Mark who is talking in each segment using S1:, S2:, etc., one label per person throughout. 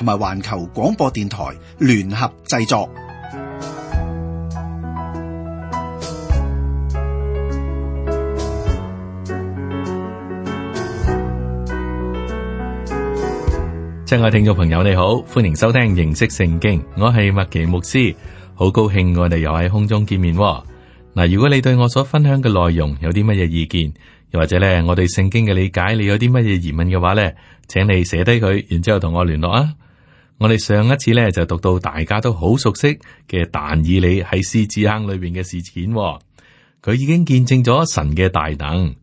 S1: 同埋環球廣播電台聯合製作。親愛的聽眾朋友，你好，歡迎收聽認識聖經。我係麥奇牧師，好高興我哋又喺空中見面。嗱，如果你對我所分享嘅內容有啲乜嘢意見，又或者咧我對聖經嘅理解，你有啲乜嘢疑問嘅話咧，請你寫低佢，然之後同我聯絡啊！我哋上一次咧就讀到大家都好熟悉嘅但以理喺獅子坑裏邊嘅事件，哦，佢已經見證咗神嘅大能。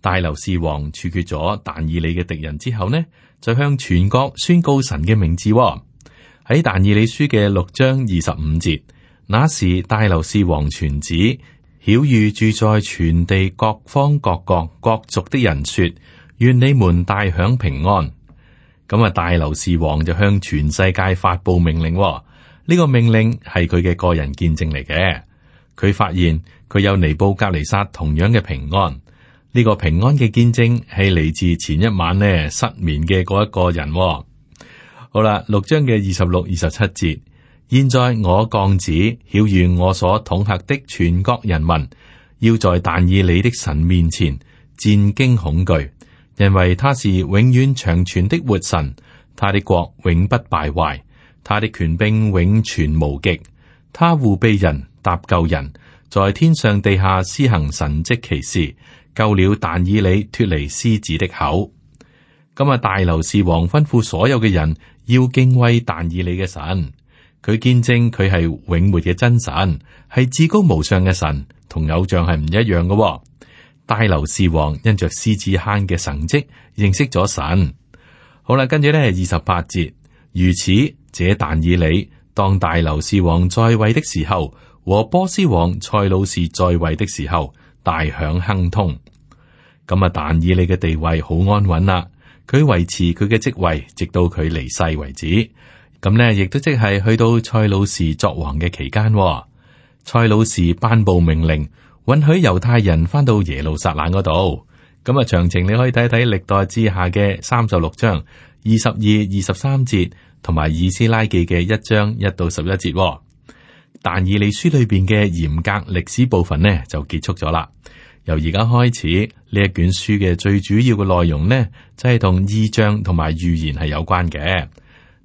S1: 大流士王處決咗但以理嘅敵人之後呢，就向全國宣告神嘅名字喺，哦、但以理書嘅六章二十五節，那時大流士王傳旨，曉諭住在全地各方各國各，各，各族的人說：願你們大享平安。咁啊，大流士王就向全世界發佈命令、哦，呢、這個命令係佢嘅個人見證嚟嘅。佢發現佢有尼布甲尼撒同樣嘅平安，呢、這個平安嘅見證係嚟自前一晚呢失眠嘅嗰一個人、哦。好啦，六章嘅二十六、二十七節，現在我降旨曉諭我所統轄的全國人民，要在但以理的神面前戰驚恐懼。因為他是永遠長存的活神，他的國永不敗壞，他的權柄永存無極，他護庇人、搭救人，在天上地下施行神蹟奇事，救了但以理脫離獅子的口。咁啊，大流士王吩咐所有嘅人要敬畏但以理嘅神，佢見證佢係永活嘅真神，係至高無上嘅神，同偶像係唔一樣嘅、哦。大流士王因着獅子坑嘅神蹟，認識咗神。好啦，跟住呢二十八節，如此，這但以理當大流士王在位的時候，和波斯王塞魯士在位的時候，大享亨通。咁啊，但以理嘅地位好安穩啦，佢維持佢嘅職位，直到佢離世為止。咁呢，亦都即係去到塞魯士作王嘅期間、哦，塞魯士頒布命令。允許猶太人返到耶路撒冷嗰度咁啊。詳情，你可以睇睇歷代志下嘅三十六章二十二、二十三節，同埋以，以斯拉記嘅一章一到十一節。但以理書裏邊嘅嚴格歷史部分呢，就結束咗啦。由而家開始呢一卷書嘅最主要嘅內容呢，就係同異象同埋預言係有關嘅。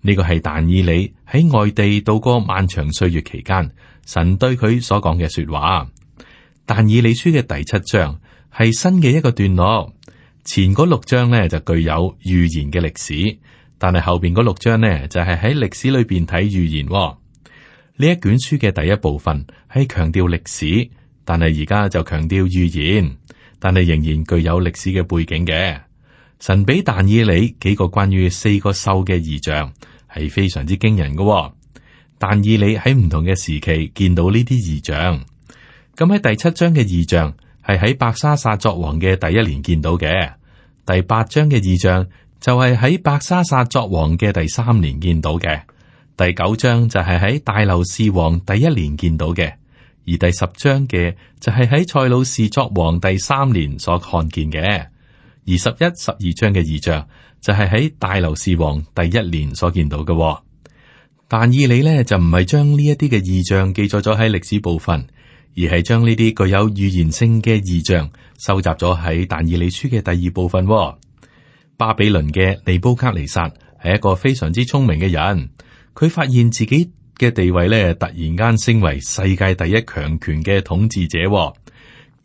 S1: 呢個係但以理喺外地度過漫長歲月期間，神對佢所講嘅說話。但以理書嘅第七章係新嘅一個段落，前嗰六章呢就具有預言嘅歷史，但係後邊嗰六章呢就係喺歷史裏邊睇預言，哦。呢一卷書嘅第一部分係強調歷史，但係而家就強調預言，但係仍然具有歷史嘅背景嘅。神俾但以理幾個關於四個獸嘅異象係非常之驚人嘅，哦。但以理喺唔同嘅時期見到呢啲異象。咁喺第七章嘅異象係喺白沙薩作王嘅第一年見到嘅。第八章嘅異象就係喺白沙薩作王嘅第三年見到嘅。第九章就係喺大流士王第一年見到嘅，而第十章嘅就係喺塞魯士作王第三年所看見嘅。而十一、十二章嘅異象就係喺大流士王第一年所見到嘅。但以理呢，就唔係將呢一啲嘅異象記載咗喺歷史部分。而係將呢啲具有預言性嘅異象收集咗喺《但以理書》嘅第二部分，哦。巴比倫嘅尼布甲尼撒係一個非常之聰明嘅人，佢發現自己嘅地位呢，突然間升為世界第一強權嘅統治者，哦，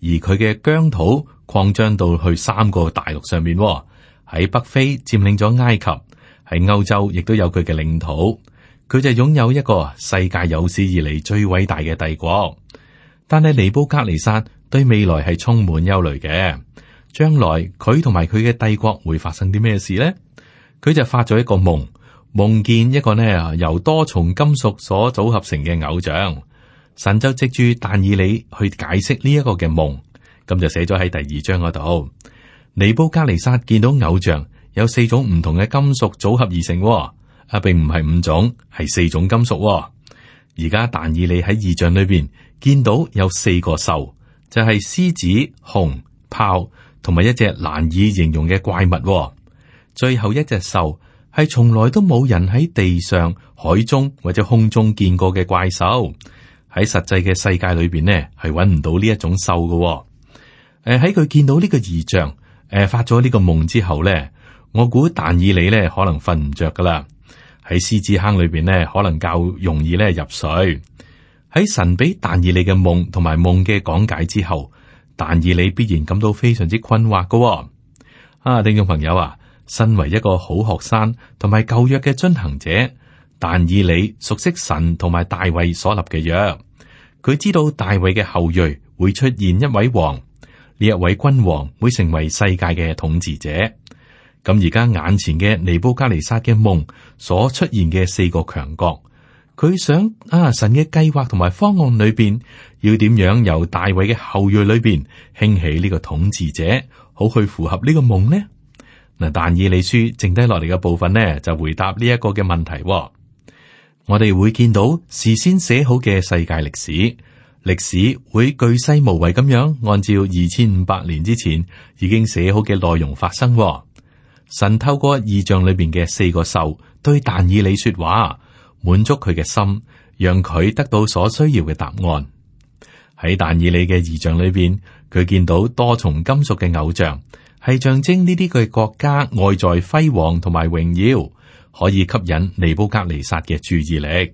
S1: 而佢嘅疆土擴張到去三個大陸上面喺，哦，北非占領咗埃及，喺歐洲亦都有佢嘅領土。佢就擁有一個世界有史以嚟最偉大嘅帝國。但係尼布甲尼撒對未來係充滿憂慮嘅，將來佢同埋佢嘅帝國會發生啲咩事咧？佢就發咗一個夢，夢見一個咧，由多重金屬所組合成嘅偶像。神就藉住但以理去解釋呢一個嘅夢，咁就寫咗喺第二章嗰度。尼布甲尼撒見到偶像有四種唔同嘅金屬組合而成，哦，啊，並唔係五種，係四種金屬，哦。而家但以理喺異象裏邊。見到有四個獸，就係、是、獅子、熊、豹同埋一隻難以形容嘅怪物。最後一隻獸係從來都冇人喺地上、海中或者空中見過嘅怪獸，喺實際嘅世界裏邊呢，係搵唔到呢一種獸嘅。誒，喺佢見到呢個異象，誒、呃、發咗呢個夢之後咧，我估但以理咧可能瞓唔着噶啦。喺獅子坑裏邊咧，可能較容易咧入水。喺神俾但以理嘅夢同埋夢嘅講解之後，但以理必然感到非常之困惑嘅。啊，聽眾朋友啊，身為一個好學生同埋舊約嘅遵行者，但以理熟悉神同埋大衛所立嘅約，佢知道大衛嘅後裔會出現一位王，呢一位君王會成為世界嘅統治者。咁而家眼前嘅尼布甲尼撒嘅夢所出現嘅四個強國。佢想啊，神嘅計劃同埋方案裏邊，要點樣由大衛嘅後裔裏邊興起呢個統治者，好去符合個呢個夢呢？嗱，但以理書剩低落嚟嘅部分呢，就回答呢一個嘅問題，哦。我哋會見到事先寫好嘅世界歷史，歷史會巨細無遺咁樣按照二千五百年之前已經寫好嘅內容發生，哦。神透過異象裏邊嘅四個獸對但以理說話。滿足佢嘅心，讓佢得到所需要嘅答案。喺但以理嘅異象裏邊，佢見到多重金屬嘅偶像，係象徵呢啲佢國家外在輝煌同埋榮耀，可以吸引尼布甲尼撒嘅注意力。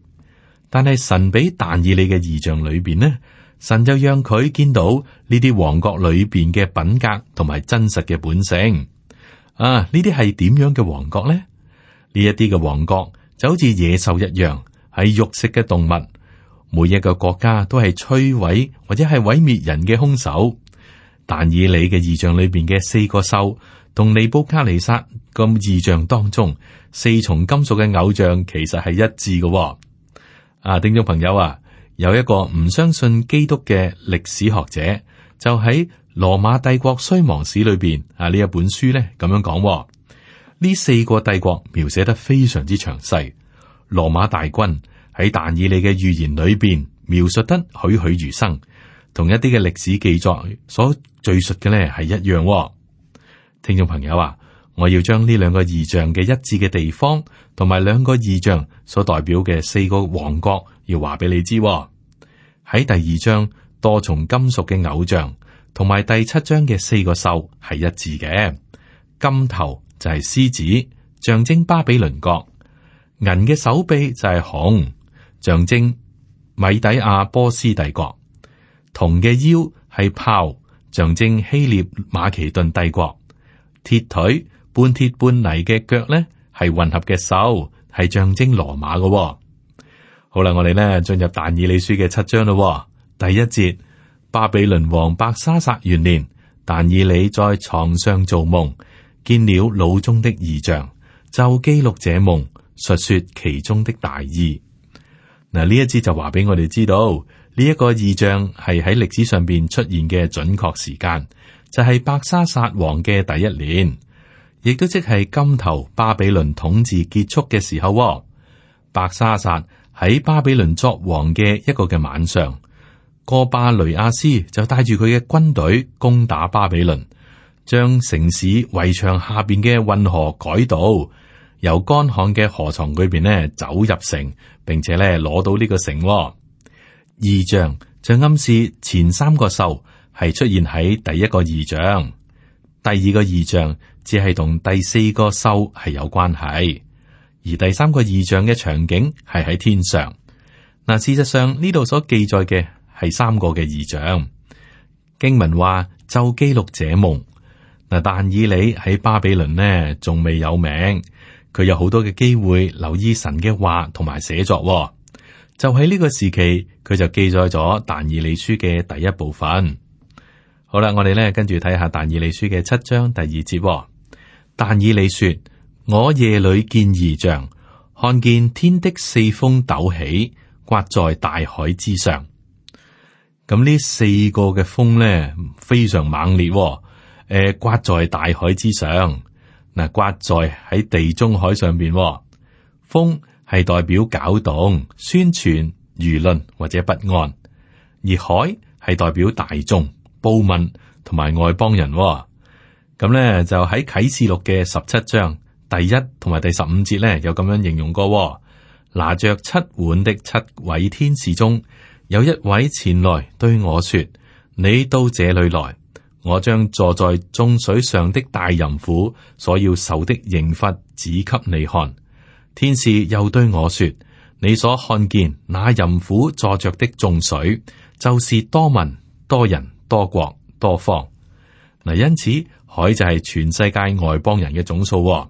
S1: 但係神俾但以理嘅異象裏邊呢，神就讓佢見到呢啲王國裏邊嘅品格同埋真實嘅本性。啊，呢啲係點樣嘅王國呢？呢一啲嘅王國。就好似野獸一樣，係肉食嘅動物。每一個國家都係摧毀或者係毀滅人嘅兇手。但以理嘅異象裏邊嘅四個獸同尼布甲尼撒個異象當中，四重金屬嘅偶像其實係一致嘅。啊，聽眾朋友啊，有一個唔相信基督嘅歷史學者，就喺《羅馬帝國衰亡史》裏面裏邊啊，呢一本書咧，咁樣講，啊。呢四個帝國描寫得非常之詳細，羅馬大軍喺但以理嘅預言裏邊描述得栩栩如生，同一啲嘅歷史記載所敘述嘅呢係一樣、哦。聽眾朋友啊，我要將呢兩個異象嘅一致嘅地方，同埋兩個異象所代表嘅四個王國要話俾你知、哦。喺第二章多重金屬嘅偶像，同埋第七章嘅四個獸係一致嘅金頭。就係獅子象徵巴比倫國，銀嘅手臂就係熊象徵米底亞波斯帝國，銅嘅腰係豹象徵希臘馬其頓帝國，鐵腿半鐵半泥嘅腳咧係混合嘅手係象徵羅馬噶、哦。好啦，我哋咧進入但以理書嘅七章咯、哦，第一節，巴比倫王伯沙撒元年，但以理在床上做夢。見了腦中的異象，就記錄這夢，述說其中的大意。嗱，呢一支就話俾我哋知道，呢、這、一個異象係喺歷史上邊出現嘅準確時間，就係、是、白沙撒王嘅第一年，亦都即係金頭巴比倫統治結束嘅時候。白沙撒喺巴比倫作王嘅一個嘅晚上，哥巴雷亞斯就帶住佢嘅軍隊攻打巴比倫。將城市圍牆下邊嘅運河改道，由乾旱嘅河床裏邊咧走入城，並且咧攞到呢個城。異象象暗示前三個獸係出現喺第一個異象，第二個異象只係同第四個獸係有關係，而第三個異象嘅場景係喺天上。嗱，事實上呢度所記載嘅係三個嘅異象，經文話：就記錄者夢。嗱，但以理喺巴比倫呢，仲未有名，佢有好多嘅機會留意神嘅話同埋寫作、哦，就喺呢個時期，佢就記載咗但以理書嘅第一部分。好啦，我哋咧跟住睇下但以理書嘅七章第二節、哦。但以理說：我夜裏見異象，看見天的四風陡起，刮在大海之上。咁、嗯、呢四個嘅風咧，非常猛烈、哦。誒、呃，颳在大海之上，嗱、呃，颳在喺地中海上邊、哦。風係代表攪動、宣傳、輿論或者不安，而海係代表大眾、暴民同埋外邦人。咁、哦、咧就喺啟示錄嘅十七章第一同埋第十五節咧，有咁樣形容過。拿着七碗的七位天使中，有一位前來對我說：你到這裡來。我將坐在眾水上的大淫婦所要受的刑罰指給你看。天使又對我說：你所看見那淫婦坐着的眾水，就是多民、多人、多國、多方。嗱，因此海就係全世界外邦人嘅總數喎。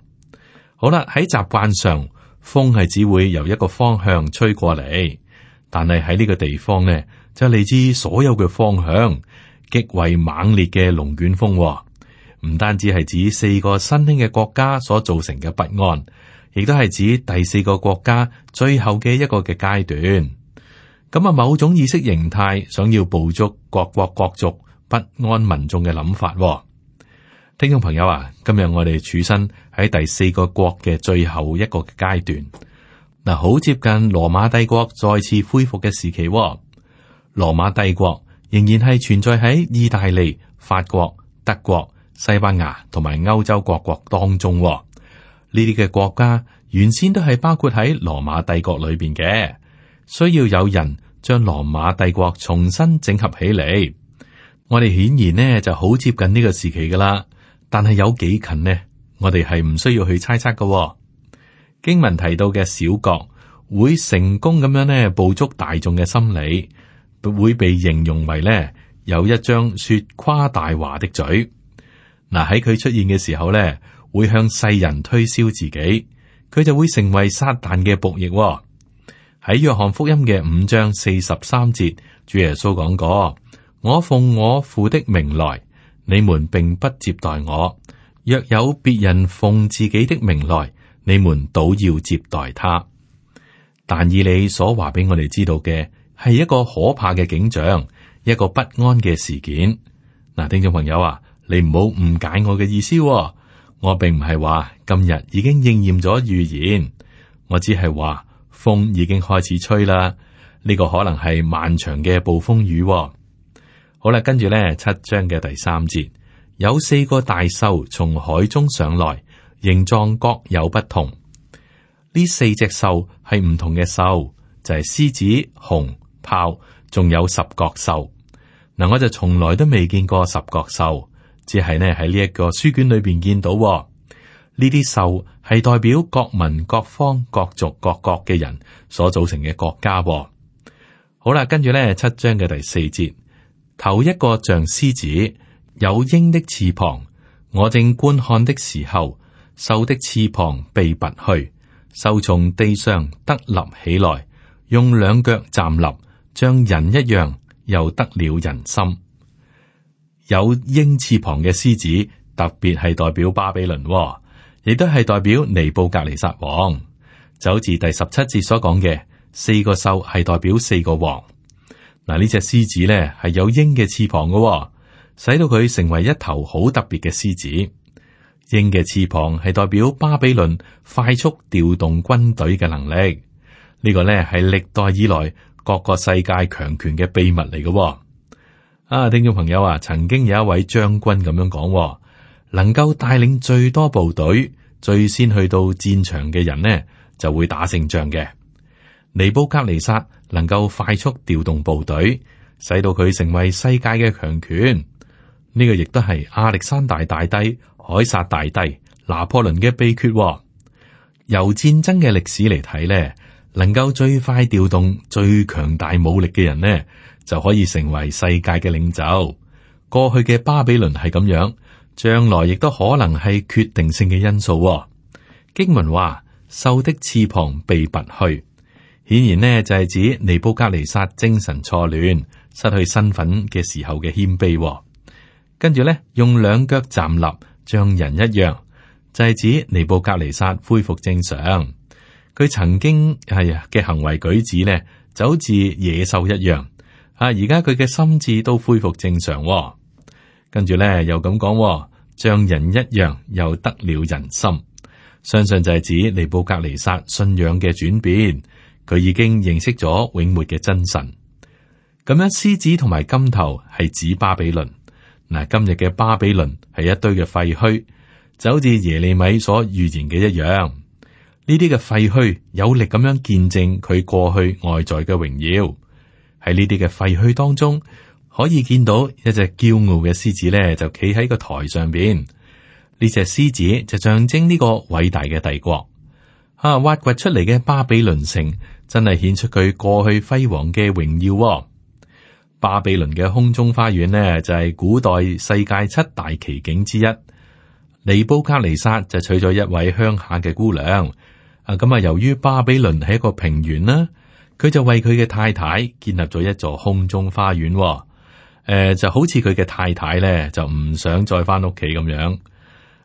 S1: 好啦，喺習慣上風係只會由一個方向吹過嚟，但係喺呢個地方呢，就嚟自所有嘅方向。極為猛烈嘅龍捲風喎，唔單止係指四個新興嘅國家所造成嘅不安，亦都係指第四個國家最後嘅一個嘅階段。咁啊，某種意識形態想要捕捉各國各族不安民眾嘅諗法喎。聽眾朋友啊，今日我哋處身喺第四個國嘅最後一個階段，嗱，好接近羅馬帝國再次恢復嘅時期喎。羅馬帝國。仍然係存在喺意大利、法國、德國、西班牙同埋歐洲各國當中喎，呢啲嘅國家原先都係包括喺羅馬帝國裏邊嘅，需要有人將羅馬帝國重新整合起嚟。我哋顯然呢就好接近呢個時期噶啦，但係有幾近呢？我哋係唔需要去猜測噶喎。經文提到嘅小國會成功咁樣呢捕捉大眾嘅心理。會被形容為呢，有一張說誇大話的嘴。嗱，喺佢出現嘅時候呢，會向世人推銷自己，佢就會成為撒旦嘅僕役喎。喺約翰福音嘅五章四十三節，主耶穌講過：我奉我父的名來，你們並不接待我；若有別人奉自己的名來，你們倒要接待他。但以你所話俾我哋知道嘅。係一個可怕嘅景象，一個不安嘅事件。嗱，聽眾朋友啊，你唔好誤解我嘅意思喎，我並唔係話今日已經應驗咗預言，我只係話風已經開始吹啦，呢個可能係漫長嘅暴風雨喎。好啦，跟住咧七章嘅第三節，有四個大獸從海中上來，形狀各有不同。呢四隻獸係唔同嘅獸，就係獅子、熊。炮仲有十角獸，嗱，我就從來都未見過十角獸，只係呢喺呢一個書卷裏邊見到。呢啲獸係代表各民各方各族各國嘅人所組成嘅國家。好啦，跟住呢七章嘅第四節，頭一個像獅子，有鷹的翅膀。我正觀看的時候，獸的翅膀被拔去，獸從地上得立起來，用兩腳站立。像人一樣，又得了人心。有鷹翅膀嘅獅子，特別係代表巴比倫、哦，亦都係代表尼布格尼撒王。就好似第十七節所講嘅四個獸，係代表四個王。嗱，呢隻獅子咧，係有鷹嘅翅膀嘅，使到佢成為一頭好特別嘅獅子。鷹嘅翅膀係代表巴比倫快速調動軍隊嘅能力。這個、呢個咧係歷代以來。各個世界強權嘅秘密嚟嘅，哦，啊，聽眾朋友啊，曾經有一位將軍咁樣講，哦，能夠帶領最多部隊、最先去到戰場嘅人呢，就會打勝仗嘅。尼布甲尼撒能夠快速調動部隊，使到佢成為世界嘅強權。呢，這個亦都係亞歷山大大帝、凱撒大帝、拿破崙嘅秘訣。由戰爭嘅歷史嚟睇呢，能夠最快調動最強大武力嘅人呢，就可以成為世界嘅領袖。過去嘅巴比倫係咁樣，將來亦都可能係決定性嘅因素，哦。經文話：獸的翅膀被拔去，顯然呢就係、是，指尼布甲尼撒精神錯亂、失去身份嘅時候嘅謙卑，哦。跟住呢，用兩腳站立，像人一樣，就係、是，指尼布甲尼撒恢復正常。佢曾經係嘅行為舉止呢，就好似野獸一樣啊！而家佢嘅心智都恢復正常，哦，跟住咧又咁講，像人一樣又得了人心。相信就係指尼布格尼撒信仰嘅轉變，佢已經認識咗永活嘅真神。咁樣獅子同埋金頭係指巴比倫嗱，今日嘅巴比倫係一堆嘅廢墟，就好似耶利米所預言嘅一樣。呢啲嘅廢墟有力咁樣見證佢過去外在嘅榮耀，喺呢啲嘅廢墟當中可以見到一隻驕傲嘅獅子咧，就企喺個台上邊。呢隻獅子就象徵呢個偉大嘅帝國啊！挖掘出嚟嘅巴比倫城真係顯出佢過去輝煌嘅榮耀。巴比倫嘅空中花園呢，就係古代世界七大奇景之一。尼布卡尼沙就娶咗一位鄉下嘅姑娘。啊咁啊！由於巴比倫係一個平原啦，佢就為佢嘅太太建立咗一座空中花園。誒、呃，就好似佢嘅太太咧，就唔想再返屋企咁樣。誒、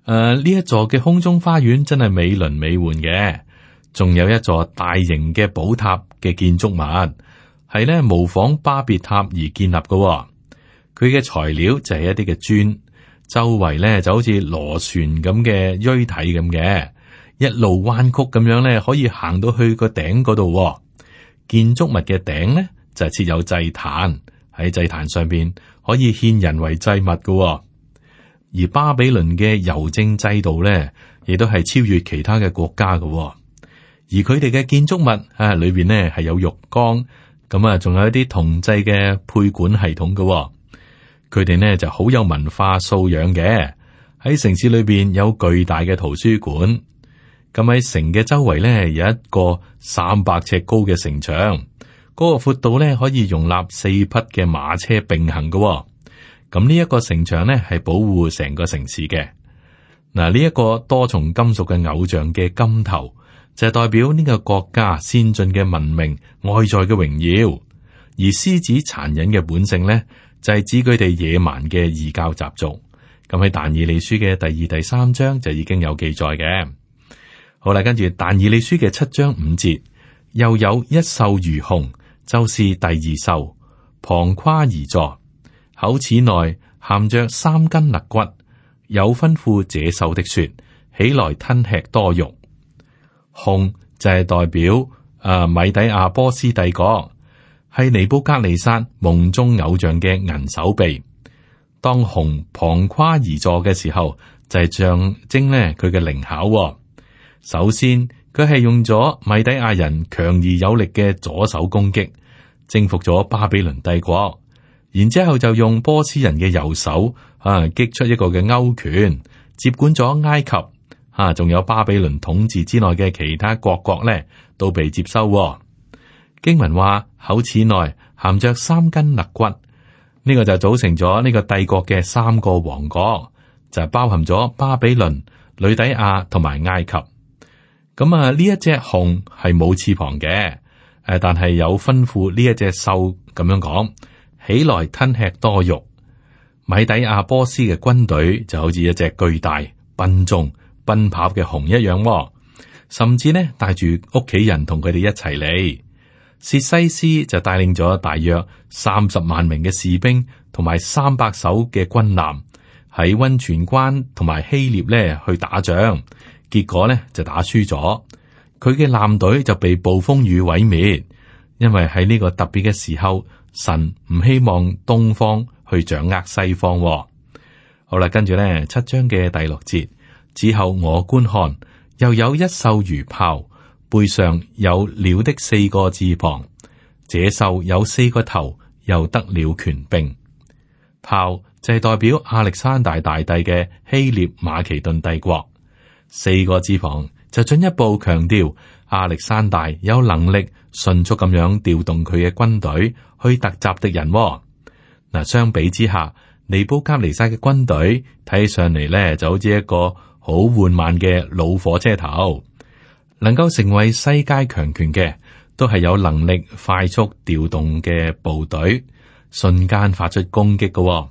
S1: 呃，呢一座嘅空中花園真係美輪美奐嘅，仲有一座大型嘅寶塔嘅建築物，係咧模仿巴別塔而建立嘅。佢嘅材料就係一啲嘅磚，周圍咧就好似螺旋咁嘅錐體咁嘅。一路彎曲咁樣咧，可以行到去個頂嗰度。建築物嘅頂咧就係設有祭壇，喺祭壇上邊可以獻人為祭物嘅。而巴比倫嘅郵政制度咧，亦都係超越其他嘅國家嘅。而佢哋嘅建築物啊，裏邊咧係有浴缸咁啊，仲有一啲同製嘅配管系統嘅。佢哋咧就好有文化素養嘅，喺城市裏邊有巨大嘅圖書館。咁喺城嘅周圍咧，有一個三百尺高嘅城牆，嗰、那個闊度咧可以容納四匹嘅馬車並行嘅、哦。咁呢一個城牆咧係保護成個城市嘅。嗱，呢一個多重金屬嘅偶像嘅金頭就係、是、代表呢個國家先進嘅文明外在嘅榮耀，而獅子殘忍嘅本性咧就係指佢哋野蠻嘅異教習俗。咁喺但以理書嘅第二、第三章就已經有記載嘅。好啦，跟住《但以理書》嘅七章五節，又有一獸如熊，就是第二獸，旁跨而坐，口齒內含着三根肋骨，有吩咐這獸的說：起來吞吃多肉。熊就係代表誒、啊、米底亞波斯帝國，係尼布甲尼撒夢中偶像嘅銀手臂。當熊旁跨而坐嘅時候，就係、是、象徵呢佢嘅靈巧、哦。首先，佢係用咗米底亞人強而有力嘅左手攻擊，征服咗巴比倫帝國。然之後就用波斯人嘅右手啊，擊出一個嘅勾拳，接管咗埃及。吓、啊，仲有巴比倫統治之內嘅其他各國咧，都被接收。經文話口齒內含着三根肋骨，呢、這個就組成咗呢個帝國嘅三個王國，就包含咗巴比倫、呂底亞同埋埃及。咁啊！呢、嗯、一隻熊係冇翅膀嘅，誒，但係有吩咐呢一隻獸咁樣講，起來吞吃多肉。米底亞波斯嘅軍隊就好似一隻巨大笨重奔跑嘅熊一樣，哦，甚至呢帶住屋企人同佢哋一齊嚟。薛西斯就帶領咗大約三十萬名嘅士兵同埋三百艘嘅軍艦，喺温泉關同埋希臘呢去打仗。結果呢，就打輸咗，佢嘅艦隊就被暴風雨毀滅。因為喺呢個特別嘅時候，神唔希望東方去掌握西方哦。好啦，跟住呢七章嘅第六節之後，我觀看又有一獸如豹，背上有鳥的四個翅膀。這獸有四個頭，又得了權柄。豹就係代表亞歷山大大帝嘅希臘馬其頓帝國。四個翅膀就進一步強調亞歷山大有能力迅速咁樣調動佢嘅軍隊去突襲敵人、哦。嗱，相比之下，尼布甲尼撒嘅軍隊睇起上嚟咧就好似一個好緩慢嘅老火車頭。能夠成為世界強權嘅，都係有能力快速調動嘅部隊，瞬間發出攻擊嘅、哦。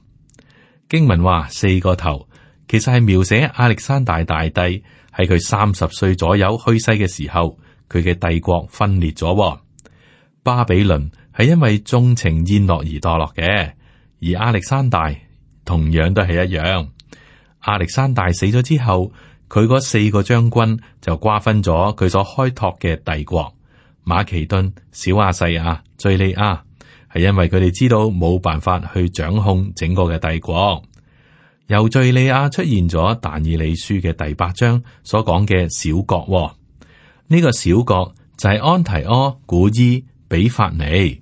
S1: 經文話四個頭。其實係描寫亞歷山大大帝喺佢三十歲左右去世嘅時候，佢嘅帝國分裂咗。巴比倫係因為縱情宴樂而墮落嘅，而亞歷山大同樣都係一樣。亞歷山大死咗之後，佢嗰四個將軍就瓜分咗佢所開拓嘅帝國。馬其頓、小亞細亞、敘利亞係因為佢哋知道冇辦法去掌控整個嘅帝國。由敘利亞出現咗但以理書嘅第八章所講嘅小國、哦，呢、這個小國就係安提柯古伊比法尼，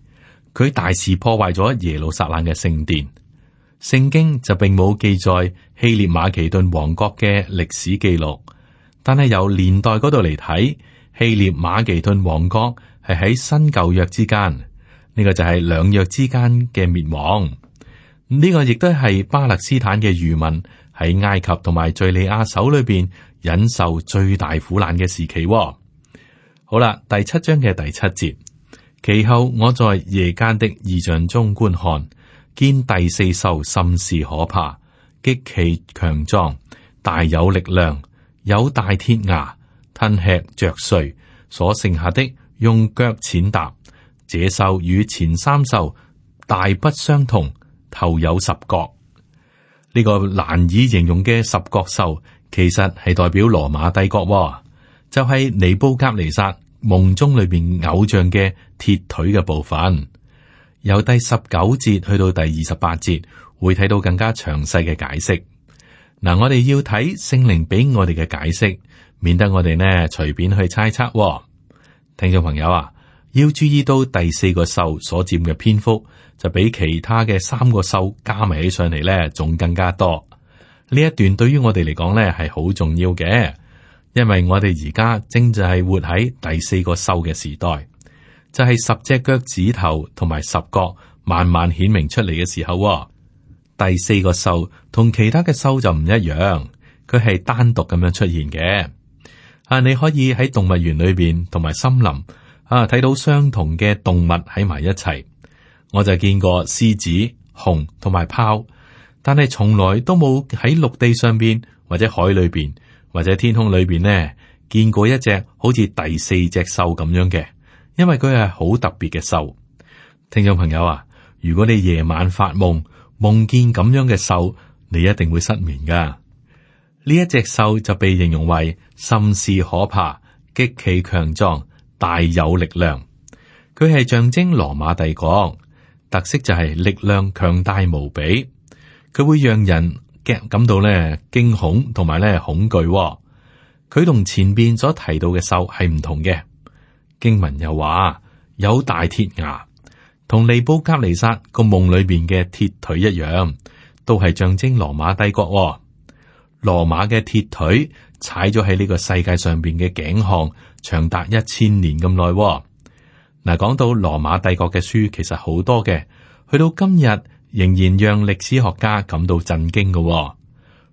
S1: 佢大肆破壞咗耶路撒冷嘅聖殿。聖經就並冇記載希臘馬其頓王國嘅歷史記錄，但係由年代嗰度嚟睇，希臘馬其頓王國係喺新舊約之間，呢、這個就係兩約之間嘅滅亡。呢個亦都係巴勒斯坦嘅漁民喺埃及同埋敘利亞手裏邊忍受最大苦難嘅時期、哦。好啦，第七章嘅第七節，其後我在夜間的異象中觀看，見第四獸甚是可怕，極其強壯，大有力量，有大鐵牙吞吃嚼碎，所剩下的用腳踐踏。這獸與前三獸大不相同。頭有十角，呢、這個難以形容嘅十角獸，其實係代表羅馬帝國、哦，就係、是、尼布甲尼撒夢中裏邊偶像嘅鐵腿嘅部分。由第十九節去到第二十八節，會睇到更加詳細嘅解釋。嗱，我哋要睇聖靈俾我哋嘅解釋，免得我哋呢隨便去猜測、哦。聽眾朋友啊！要注意到第四個獸所佔嘅篇幅就比其他嘅三個獸加埋起上嚟咧，仲更加多。呢一段對於我哋嚟講咧，係好重要嘅，因為我哋而家正就係活喺第四個獸嘅時代，就係十隻腳趾頭同埋十角慢慢顯明出嚟嘅時候。第四個獸同其他嘅獸就唔一樣，佢係單獨咁樣出現嘅。啊，你可以喺動物園裏邊同埋森林。啊！睇到相同嘅動物喺埋一齊，我就見過獅子、熊同埋豹，但係從來都冇喺陸地上邊或者海裏邊或者天空裏邊咧見過一隻好似第四隻獸咁樣嘅，因為佢係好特別嘅獸。聽眾朋友啊，如果你夜晚發夢，夢見咁樣嘅獸，你一定會失眠噶。呢一隻獸就被形容為甚是可怕，極其強壯。大有力量，佢係象徵羅馬帝國，特色就係力量強大無比，佢會讓人驚感到咧驚恐同埋咧恐懼，哦。佢同前邊所提到嘅獸係唔同嘅。經文又話有大鐵牙，同尼布甲尼撒個夢裏邊嘅鐵腿一樣，都係象徵羅馬帝國，哦。羅馬嘅鐵腿踩咗喺呢個世界上邊嘅頸項。長達一千年咁耐喎，嗱，講到羅馬帝國嘅書其實好多嘅，去到今日，仍然讓歷史學家感到震驚㗎喎。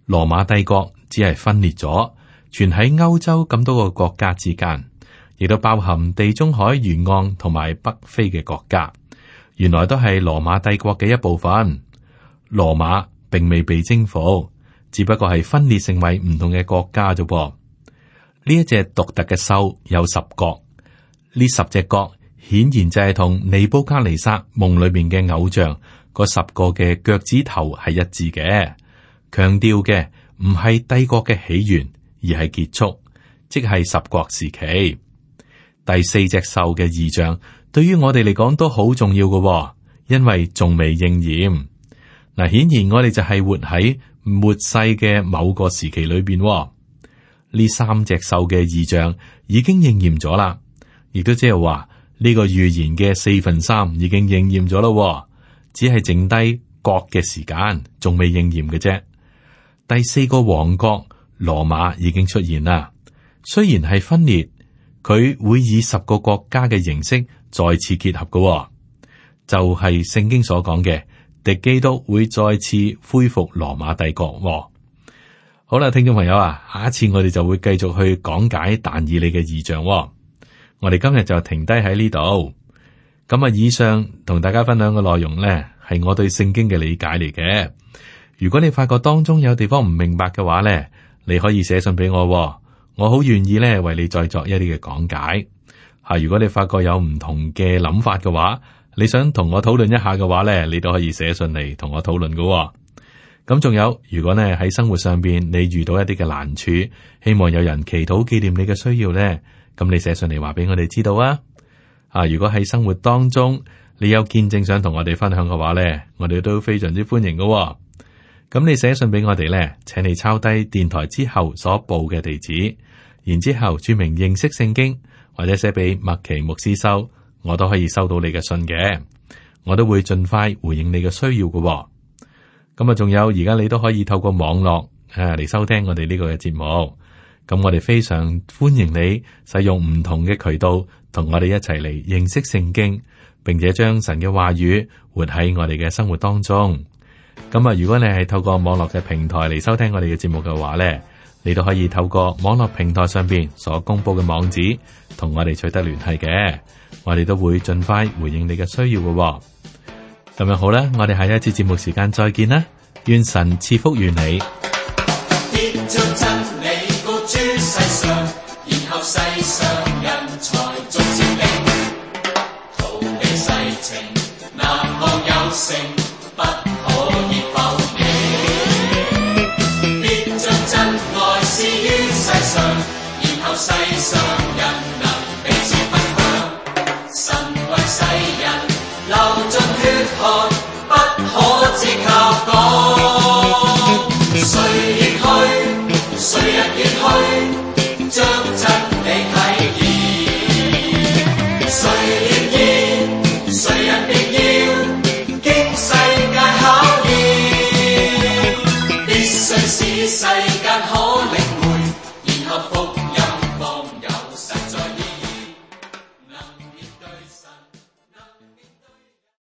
S1: 羅馬帝國只係分裂咗，存喺歐洲咁多個國家之間，亦都包含地中海沿岸同埋北非嘅國家，原來都係羅馬帝國嘅一部分。羅馬並未被征服，只不過係分裂成為唔同嘅國家啫噃。呢一隻獨特嘅獸有十角，呢十隻角顯然就係同尼布甲尼撒夢裏面嘅偶像個十個嘅腳趾頭係一致嘅。強調嘅唔係帝國嘅起源，而係結束，即係十國時期。第四隻獸嘅異象，對於我哋嚟講都好重要嘅、哦，因為仲未應驗。嗱，顯然我哋就係活喺末世嘅某個時期裏邊、哦。呢三隻獸嘅異象已經應驗咗啦，亦都即係話呢個預言嘅四分三已經應驗咗咯，只係剩低國嘅時間仲未應驗嘅啫。第四個王國羅馬已經出現啦，雖然係分裂，佢會以十個國家嘅形式再次結合嘅，就係、是、聖經所講嘅，敵基督會再次恢復羅馬帝國。好啦，聽眾朋友啊，下一次我哋就會繼續去講解但以理嘅異象喎。我哋今日就停低喺呢度。咁啊，以上同大家分享嘅內容呢，係我對聖經嘅理解嚟嘅。如果你發覺當中有地方唔明白嘅話呢，你可以寫信俾我喎，我好願意呢，為你再作一啲嘅講解。吓，如果你發覺有唔同嘅諗法嘅話，你想同我討論一下嘅話呢，你都可以寫信嚟同我討論嘅。咁仲有，如果呢，喺生活上邊你遇到一啲嘅難處，希望有人祈禱紀念你嘅需要呢？咁你寫信嚟話俾我哋知道啊！啊，如果喺生活當中你有見證想同我哋分享嘅話呢，我哋都非常之歡迎噶喎。咁你寫信俾我哋呢，請你抄低電台之後所報嘅地址，然之後注明認識聖經或者寫俾麥奇牧師收，我都可以收到你嘅信嘅，我都會盡快回應你嘅需要噶喎。咁啊，仲有而家你都可以透過網絡誒嚟收聽我哋呢個嘅節目。咁我哋非常歡迎你使用唔同嘅渠道，同我哋一齊嚟認識聖經，並且將神嘅話語活喺我哋嘅生活當中。咁啊，如果你係透過網絡嘅平台嚟收聽我哋嘅節目嘅話咧，你都可以透過網絡平台上邊所公佈嘅網址，同我哋取得聯繫嘅。我哋都會盡快回應你嘅需要嘅。咁樣好啦，我哋下一次節目時間再見啦，願神賜福與你。